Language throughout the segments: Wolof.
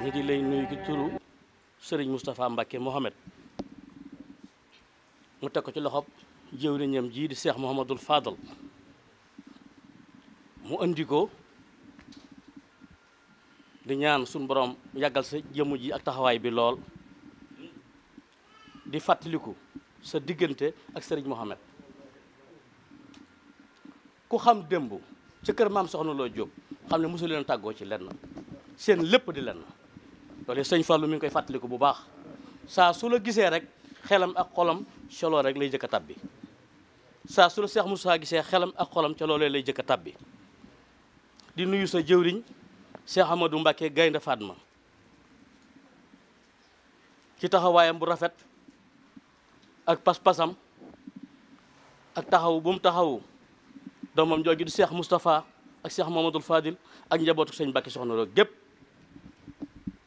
ñu ngi lay nuyu ci turu Serigne Moustapha Mbacke Mohamed mu teg ko ci loxob jëwriñam jii di Cheikh Mouhamadul Fadal mu andi ko di ñaan suñu borom yàggal sa jëmm ji ak taxawaay bi lool di fàttaliku sa diggante ak Serigne Mohamed. ku xam démb ci kër maam soxna loo jóob xam ne mosu leen tàggoo ci lenn seen lépp di lenn loolu sëñ Fallou mi ngi koy fàttaliku bu baax saa su la gisee rek xelam ak xolam solo rek lay jëkk a tabbi saa su la Seex Musaa gisee xelam ak xolam ca loolee lay jëkk a tabbi di nuyu sa seexam ma du Mbàkke Gaynde Fatma ci taxawaayam bu rafet ak pas-pasam ak taxaw bu mu taxawu doomam jooju di seex Moustapha ak Cheikh Mamadou Fadil ak njabootu sëñ Mbàkke soxna Lo gépp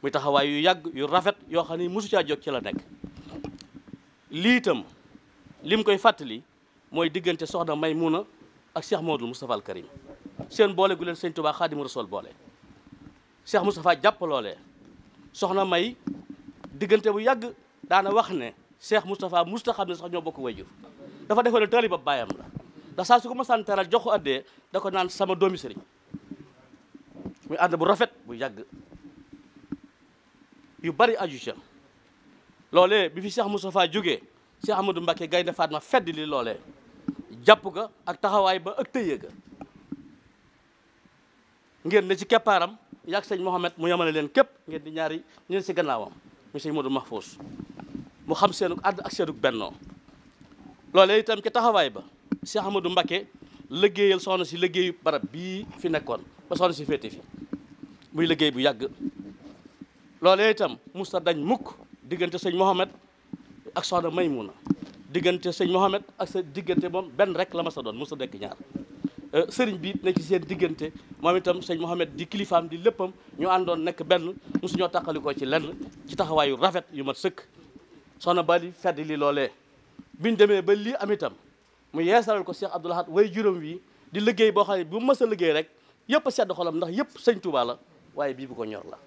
muy taxawaay yu yàgg yu rafet yoo xam ne mosu caa jóg ci la nekk lii itam lim koy fàttali mooy diggante soxna Maymuna ak seex Mamadou Moustapha al Karim seen boole gu leen sëñ Tuubaa Xaadimu Rasuul boole Cheikh Moustapha jàpp loolee soxna May diggante bu yàgg daana wax ne Cheikh Moustapha musta xam ne sax ñoo bokk wayjur dafa defoon ne taaliba baayam la ndax saa su ko ma teral jox ko addee da ko naan sama doomi sëriñ muy ànd bu rafet bu yàgg yu bari aju ca loolee bi fi Cheikh Moustapha jóge Cheikh Amadou Mbacké Gaynde Fatma fedd li loolee jàpp ga ak taxawaay ba ak tëyee ga ngeen ne ci keppaaram yàgg sëñ Mouhamed mu yemale leen képp ngeen di ñaari ñeen si gannaawam mu sëñ Modou Mahfous mu xam seenu àdd ak seenu bennoo loolee itam ci taxawaay ba Cheikh Ahmadou Mbacké liggéeyal soxna si liggéeyu barab bii fi nekkoon ba soxna si féete fi muy liggéey bu yàgg loolee itam musta dañ mukk diggante sëñ Mohamed ak soxna na diggante sëñ Mohamed ak sa diggante moom benn rek la ma sa doon musta dekk ñaar euh, sëriñ bi nekk ci seen diggante moom itam sëñ Mohamed di kilifaam di léppam ñu àndoon nekk benn ñoo tàqalikoo ci lenn ci taxawaayu rafet yu mat sëkk soxna Bali fedd li loolee biñ demee ba lii am itam mu yeesalal ko Cheikh Abdoul Ahad way juróom wii di liggéey boo xam ne bu mës a liggéey rek yëpp a sedd xolam ndax yëpp sëñ Touba waaye bii bu ko ñor la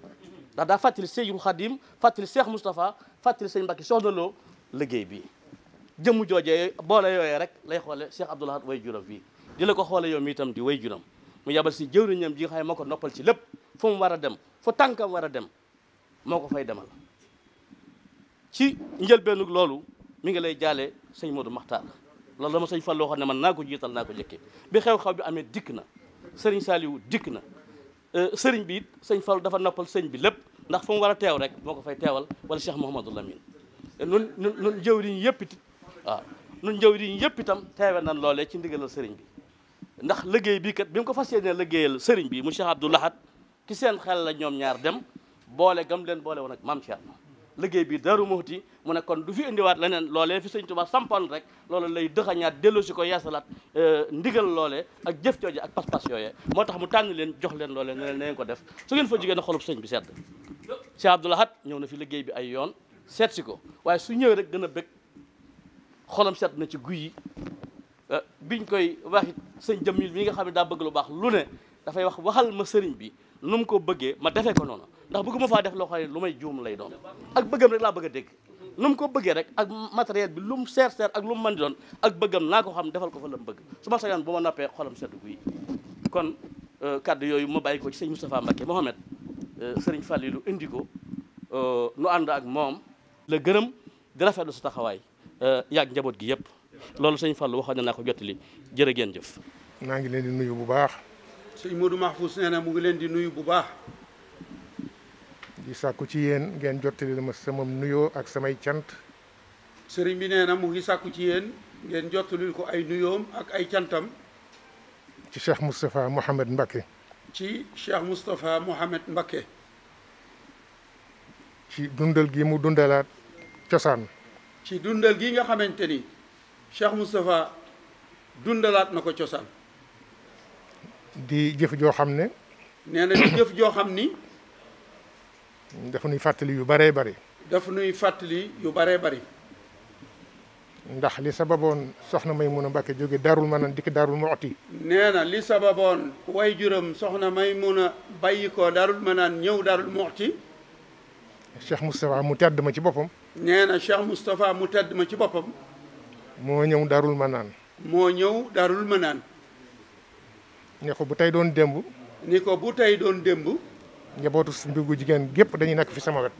ndax daa fàttali Seydou Khadim fàttali Cheikh Moustapha fàttali sëñ Mbacke Soxna loo liggéey bii jëmu joojee boole yooyee rek lay xoole Cheikh Abdoul Ahad way juróom wi di la ko xoole yow mi itam di way juróom mu yabal si jëwriñam ji nga xam ne moo ko noppal ci lépp fu mu war a dem fu tànka war a dem moo ko fay demal ci njëlbeenu loolu mi ngi lay jaale sëñ Modou Makhtar loolu dama sëñ Fallou xam ne man naa ko jiital naa ko jëkkee bi xew-xew bi amee dikk na sëriñ Saliou dikk na euh, sëriñ bi it sëñ Fallou dafa noppal sëñ bi lépp ndax fu mu war a teew rek moo ko fay teewal wala Cheikh Mouhamadou Lamine nun nun nun jëwriñ yëpp it nun jëwriñ yëpp itam teewe nan loolee ci ndigalal sëriñ bi ndax liggéey bii kat bi mu ko fas yéene liggéeyal sëriñ bi mu Cheikh Abdou Lahad ki seen xel la ñoom ñaar dem boole gam leen boole woon ak maam liggéey bi Daaru Muxti mu ne kon du fi indiwaat leneen loolee fi sëñ Tuubaa sampoon rek loolu lay dëxañaat si ko yeesalaat euh, ndigal loole ak jëf jooje ak pas-pas yooyee moo tax mu tànn leen jox leen loolee ne leen na ngeen ko def su ngeen fa jigéen a xolub sëñ bi sedd Cheikh Abdoul Ahad ñëw na fi liggéey bi ay yoon seet si ko waaye su ñëwee rek gën a bëgg xolam sedd na ci guy yi euh, biñ koy waxit sëñ jëm Jamil mi nga xam ne daa bëgg lu baax lu ne dafay wax waxal ma sëriñ bi nu mu ko bëggee ma defee ko noonu ndax bëgguma faa def loo xam lu may juum lay doon ak bëggam rek laa bëgga a dégg nu mu ko bëggee rek ak matériel bi lu mu seer seer ak lu mu mën doon ak bëggam naa ko xam defal ko fa la mu bëgg su ma sañoon bu ma noppee xolam sedd guy kon euh, kaddu yooyu ma bàyyi ko ci sëñ Moustapha Mbacké Mohamed euh, sëriñ Fallilou indi ko euh, nu ànd ak moom la gërëm di rafetlu sa taxawaay yaag njaboot gi yëpp loolu sëñ Fallou waxoon na naa ko jottali jërë ngeen jëf. naa ngi leen nuyu bu baax. sëñ Modou Mahfouz nee mu ngi leen di nuyu bu baax. di sàkku ci yéen ngeen jottali ma sama nuyoo ak samay cant sëriñ bi neena mu ngi sàkku ci yéen ngeen jottalil ko ay nuyoom ak ay cantam ci Cheikh mustafa Mouhamed Mbacké ci Cheikh Moustapha Mouhamed Mbacké ci dundal gi mu dundalaat cosaan ci dundal gi nga xamante ni Cheikh Moustapha dundalaat na ko cosaan di jëf joo xam ne nee di jëf joo xam ni dafa nuy fàttali yu bëree bëri. daf nuy fàttali yu bëree bëri. ndax li sababoon soxna may Maymuna Mbàkke jóge darul Manaan dikk Daarul Muxti nee na li sababoon way juróom soxna Maymuna bàyyi ko Daarul Manaan ñëw Daarul Muxti Cheikh Moustapha mu tedd ma ci boppam nee na Cheikh Moustapha mu tedd ma ci boppam moo ñëw darul Manaan moo ñëw Daarul Manaan ne ko bu tey doon démb ni ko bu tey doon démb njabootu sëriñ bi bu jigéen gépp dañu nekk fi sama wet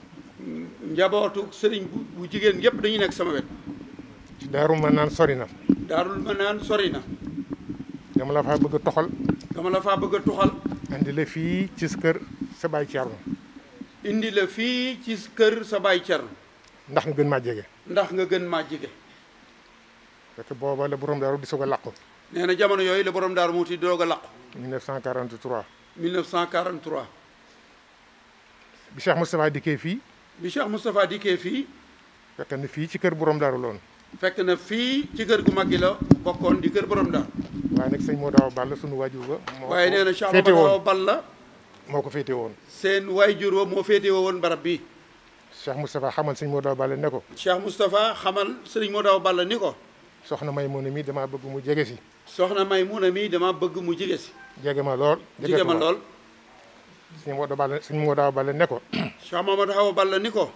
njabootu sëriñ bu jigéen gépp dañuy nekk sama wet ci daaru ma naan sori na daarul ma naan sori na dama la faa bëgg a toxal dama la faa bëgg a toxal indi la fii ci kër sa baay Cerno indi la fii ci kër sa baay Cerno ndax nga gën maa jege ndax nga gën maa jege fekk booba la borom daaru di soog a làqu nee jamono yooyu la borom daaru muuti di doog a làqu 1943 1943 bi Cheikh Moustapha dikkee fii. bi Cheikh Moustapha dikkee fii. fekk na fii ci kër borom daaru loon fekk na fii ci kër gu mag la bokkoon di kër borom daaru waaye nekk sëñ moo daaw Balla sunu waajur wa moo waaye nee na Cheikh moo ko féete woon. seen waajur ba moo féete woon barab bi Cheikh Moustapha xamal sëñ moo daaw Balla ne ko. Cheikh Moustapha xamal sëñ moo daaw Balla ni ko. soxna may muuna mii damaa bëgg mu jege si. soxna may muuna mii damaa bëgg mu jege si. ma lool jege ma lool. sëñ Modou Balla sëñ Modou Balla ne ko Cheikh Mamadou Awa Balla ni ko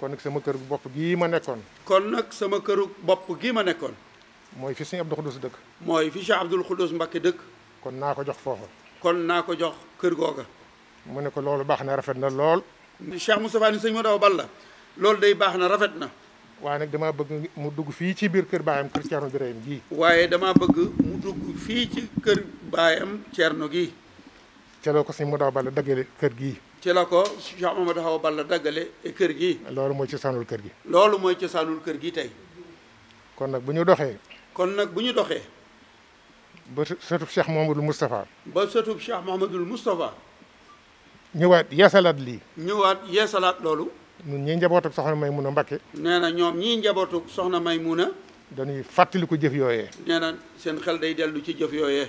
kon nag sama kër bopp gii ma nekkoon kon nag sama këru bopp gii ma nekkoon mooy fi sëñ Abdou Khoudous dëkk mooy fi Cheikh Abdoul Khoudous Mbacké dëkk kon naa ko jox foofa kon naa ko jox kër googa mu nekk loolu baax na rafet na lool Cheikh Moustapha ni sëñ Modou Awa Balla loolu dey baax na rafet na waaye nag damaa bëgg mu dugg fii ci biir kër baayam kër Thierno Birahim gii waaye damaa bëgg mu dugg fii ci kër baayam Thierno gii ci ko sëñ mu Awa Balla daggale kër gi ci la ko Cheikh Mamadou Awa bala daggale kër gi loolu mooy cosaanul kër gi loolu mooy cosaanul kër gi tey kon nag bu ñu doxee kon nag bu ñu doxee ba sëtub Cheikh Mouhamadul Moustapha ba sëtub Cheikh Mouhamadul Moustapha ñëwaat yeesalaat lii ñëwaat yeesalaat loolu ñun ñii njabootu soxna may mun a Mbakke nee na ñoom ñii njabootuk soxna may mun a dañuy fàttaliku jëf yooyee nee na seen xel day dellu ci jëf yooyee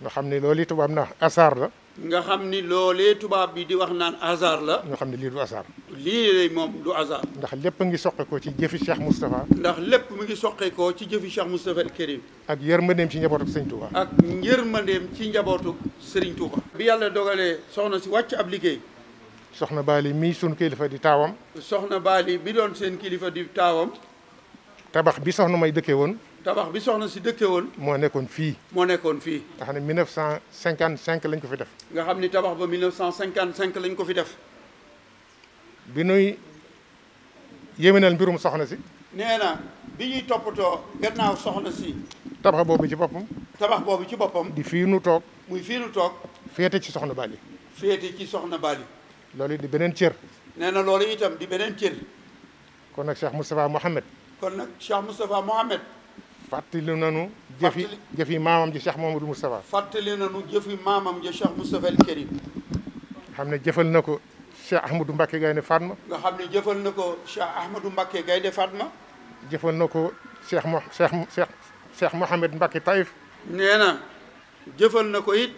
nga xam ne loolu itam am na asaar la nga xam ni loolee tubaab bi di wax naan hasard la. ñoo xam ne lii du hasard. lii moom du hasard. ndax lépp ngi soqeekoo ci jëfi Cheikh Moustapha. ndax lépp mu ngi soqeekoo ci jëfi Cheikh Moustapha El Kérim. ak yërmandeem ci njabootu Serigne Touba. ak yërmandeem ci njabootu Serigne Touba. bi yàlla dogalee soxna si wàcc ab liggéey. soxna Baali mii sunu kilifa di taawam. soxna Baali bi doon seen kilifa di taawam. tabax bi soxna may dëkkee woon. tabax bi soxna si dëkke woon moo nekkoon fii moo nekkoon fii nga xam ne 1955 lañ ko fi def nga xam ni tabax ba 1955 lañ ko fi def bi nuy yéwénal mbirum soxna si nee na bi ñuy toppatoo gannaaw soxna si tabax boobu ci boppam tabax boobu ci boppam di fii nu toog muy fii nu toog féete ci soxna Bali féete ci soxna Bali loolu di beneen cër nee na loolu itam di beneen cër kon nag Cheikh Moustapha Mohamed kon nag Cheikh Moustapha Mohamed fàttali nanu jëfi jëfi maamam ji Cheikh Mouhamadou Moustapha fàttali nanu jëfi maamam ji Cheikh Moustapha El Karim xam ne jëfal na ko Cheikh Ahmadou Mbacké Gaynde Fatma nga xam ne jëfal na ko Cheikh Ahmadou Mbacké Gaynde Fatma jëfal na ko Cheikh mo Cheikh Cheikh Cheikh Mouhamed Mbacké Taïf nee na jëfal na ko it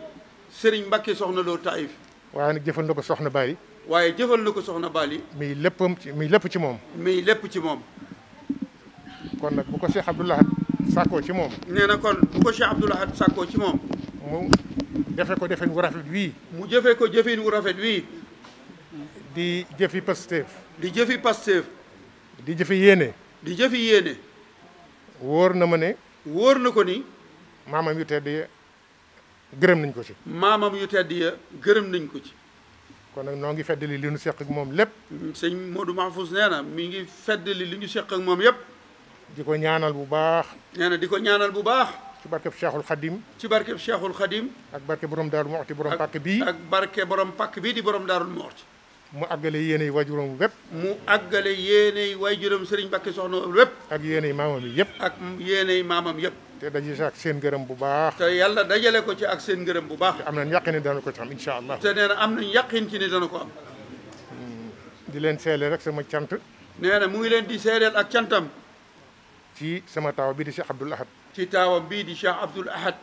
Serigne Mbacké soxna loo Taïf waaye nag jëfal na ko soxna Bali waaye jëfal na ko soxna Bali muy léppam ci muy lépp ci moom muy lépp ci moom kon nag bu ko Cheikh Abdoulaye sàkkoo ci moom. nee na kon bu ko Cheikh Abdoul Ahad ci moom. mu jëfe ko jëfin wu rafet wii. mu jëfe ko jëfin wu rafet wii. di jëfi Pastef. di jëfi Pastef. di jëfi yéene. di jëfi yéene. wóor na ma ne. wóor na ko ni. maamam yu tedd ya gërëm nañ ko ci. maamam yu tedd gërëm nañ ko ci. kon nag noo ngi fedd li ñu seq moom lépp. sëñ Modou Mahfouz nee na mi ngi feddali li ñu seq moom yépp di ko ñaanal bu baax nee di ko ñaanal bu baax ci barkeb Cheikhul Khadim ci barkeb Cheikhul Khadim ak barke borom Daaru Muxti borom pàkk bii ak barke borom pàkk bii di borom Daaru Muxti mu àggale yéenay waajuram wépp mu àggale yéenay waajuram sëriñ Mbàkke soxna wépp ak yéenay maamam yi yëpp ak yéenay maamam yëpp te daje ak seen gërëm bu baax te yàlla dajale ko ci ak seen gërëm bu baax am na yàqin ni dana ko ci am incha allah te nee na am nañ ci ni dana ko hmm. di leen seedeel rek sama cant nee na mu ngi leen di seedeel ak cantam ci sama taaw bi di Cheikh Abdoul Ahad ci taawam bii di Cheikh Abdoul Ahad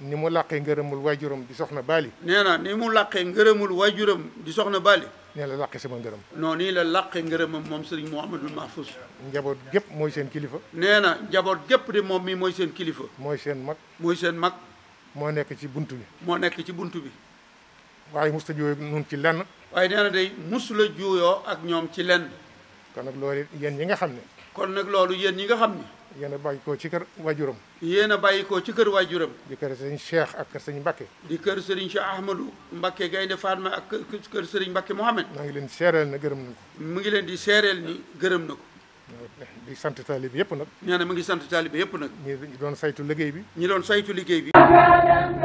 ni mu làqee ngërëmul waajuram di soxna Baali nee na ni mu làqee ngërëmul waajuram di soxna Baali nii la làqee sama ngërëm non nii la làqee ngërëmam moom Serigne Mouhamadul Mahfouz njaboot gépp mooy seen kilifa nee na njaboot gépp di moom mii mooy seen kilifa mooy seen mag mooy seen mag moo nekk ci bunt bi moo nekk ci bunt bi waaye musta juuyoo nun ci lenn waaye nee na day mus la juuyoo ak ñoom ci lenn kon nag loolu yéen ñi nga xam ne kon nag loolu yéen ñi nga xam ni yéen bàyyi koo ci kër waajuram yéen a bàyyi koo ci kër waajuram di kër sëriñ Cheikh ak kër sëriñ Mbacke di kër sëriñ Cheikh Ahmadou Mbacke Gaynde Fatma ak kër sëriñ Mbacke Mohamed maa ngi leen di seereel na gërëm mu ngi leen di seereel ni gërëm na ko di sant taalibe yëpp nag nee na mu ngi sant taalibe yëpp nag ñi doon saytu liggéey bi ñi doon saytu liggéey bi